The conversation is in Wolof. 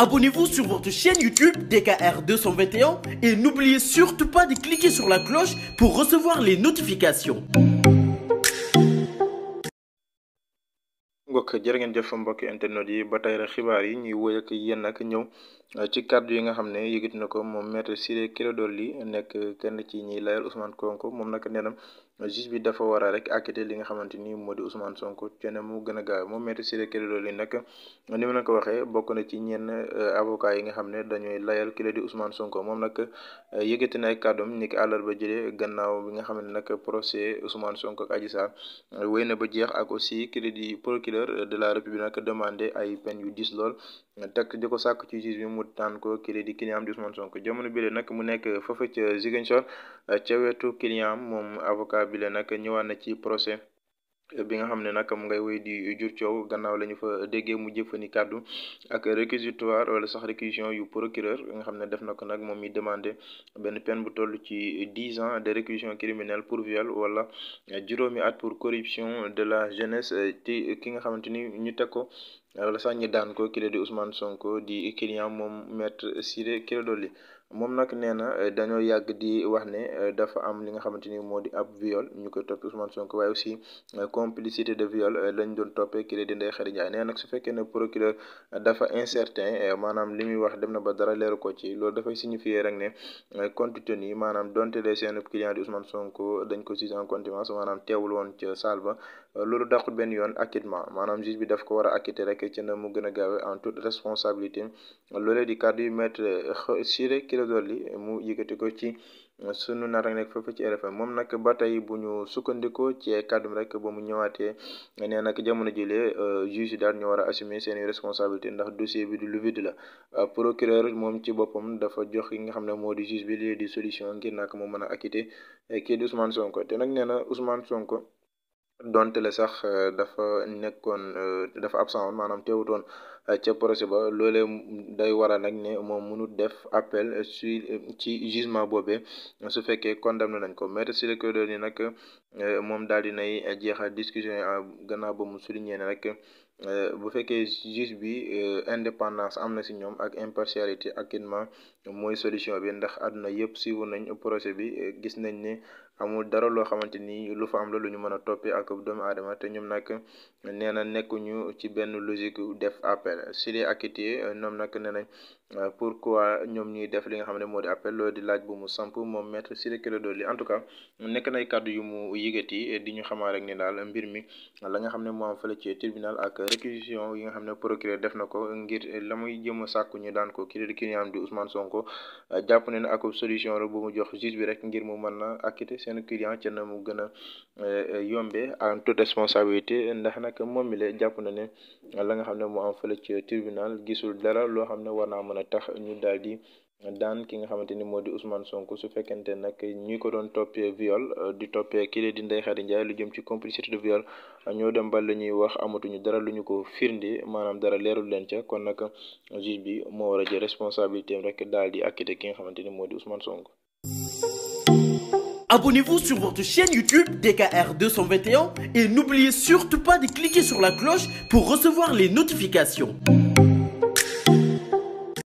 Abonnez-vous sur votre chaîne YouTube DKR 221 et n'oubliez surtout pas de cliquer sur la cloche pour recevoir les notifications. mbokk jërë ngeen jëf mbokk internet yi ba tey rek xibaar yi ñuy wéy ak yéen ak ñëw. ci kàddu yi nga xam ne yëgit na ko moom maître Ciré Clédor Ly nekk kenn ci ñiy layal Ousmane Sonko moom nag nee na juge bi dafa war a rek li nga xamante ni moo di Ousmane Sonko cene mu gën a gaaw moom maître Ciré Clédor Ly nag ni ma leen ko waxee bokk na ci ñenn euh, avocat yi nga xam ne dañooy layal kii di Ousmane Sonko moom nag euh, yëgati na ay kàddoom ni ki ba jëlee gannaaw bi nga xam ne nag procès Ousmane Sonko ak Adji Sarr euh, wéy na ba jeex ak aussi kii di procureur de la République nag demandé ay peine yu diis lool teg di ko sàkk ci juge mu daan ko kii di client am di Ousmane Sonko jamono bi le nag mu nekk foofa ca Ziguinchor ca wetu client moom avocat bi le nag ñëwaat na ci procès bi nga xam ne nag mu ngay woy di jur coow gannaaw la ñu fa déggee mu jëfani kàddu ak réquisitoire wala sax réquisition yu procureur nga xam ne def na ko nag moom mi demandé benn peine bu toll ci dix ans de réquisition criminelle pour viol wala juróomi at pour corruption de la jeunesse ti ki nga xamante ni ñu teg ko wala sax ñi daan ko kile di Ousmane Sonko di client moom si de Clédor Ly moom nag nee na eh, dañoo yàgg di wax ne eh, dafa am li nga xamante ni moo di ab viol ñu koy toppee Ousmane Sonko waaye aussi eh, complicité de viol lañ doon toppee kii di Ndeye Khady Ndiaye nee nag su fekkee ne procureur dafa incertain maanaam li muy wax dem na ba dara leer ko ci loolu dafay signifier rek ne compte tenu yi maanaam donte les seen client di Ousmane Sonko dañ ko juge en contumace maanaam woon ca salle ba loolu dàqul benn yoon acquittement maanaam bi daf ko war a acquitter rek. rek na mu gën a gaawe en toute responsabilité loolee di kàddu yu maître euh, Ciré Clédor li mu yëkkati ko ci euh, sunu naata nekk foofu ci RFM moom nag ba tey bu ñu sukkandikoo ci kàddum rek ba mu ñëwaatee nee nag jamono jile euh, juge daal ñu war a assumer seeni responsabilité ndax dossier bi du lu vide la procureur moom ci boppam dafa jox ki nga xam ne moo di juge bi lii di solution ngir nag mu mën a acquitter kii di Ousmane Sonko te nag nee na Sonko donte le sax euh, dafa nekkoon euh, dafa absent woon maanaam teewutoon euh, ca procès ba loolee day waral nag ne moom mënut def appel su ci jugement boobee su fekkee condamné nañ ko maître Ciré Clédor Ly nag moom daal di nay jeexal discussion yi gannaaw ba mu souligné ne rek Euh, bu fekkee juge bi euh, indépendance am na si ñoom ak impartialité acquittement mooy solution bi ndax àdduna yëpp siiwu nañ projet bi euh, gis nañ ni amul dara loo xamante ni lu fa am la lu ñu mën a toppee ak doomu aadama te ñoom nag nee na nekkuñu ci benn logique def appel si les acquitté ñoom nag nee nañ pourquoi ñoom ñuy def li nga xam ne moo di appel loolu di laaj bu mu samp moom maître Ciré Clédor Ly en tout cas nekk nay kàddu yu mu yëgati di ñu xamaa rek ni daal mbir mi réquisition yi nga xam ne procureur def na ko ngir la muy jëm a sàkku ñu daan ko kii di client di Ousmane Sonko jàpp na ne ak solution la bu mu jox juge bi rek ngir mu mën na acquitter seen client ca na mu gën a eh, yombee en toute responsabilité ndax nag moom mi la jàpp na ne la nga xam ne mu am fële ci tribunal gisul dara loo xam ne war naa mën a tax ñu daal di daan ki nga xamante ni moo di Ousmane Sonko su fekkente nag ñi ko doon toppee viol euh, di toppee kii di Ndeye Khady Ndiaye lu jëm ci complicité de viol ñoo dem ba la ñuy wax amatuñu dara lu ñu ko firndi maanaam dara leerul leen ca kon nag juge bi moo wara jë jël responsabilité am rek daal di acquitté ki nga xamante ni moo di Ousmane Sonko. Abonnez-vous sur votre chaîne YouTube DKR et n'oubliez surtout pas de cliquer sur la cloche pour recevoir les notifications.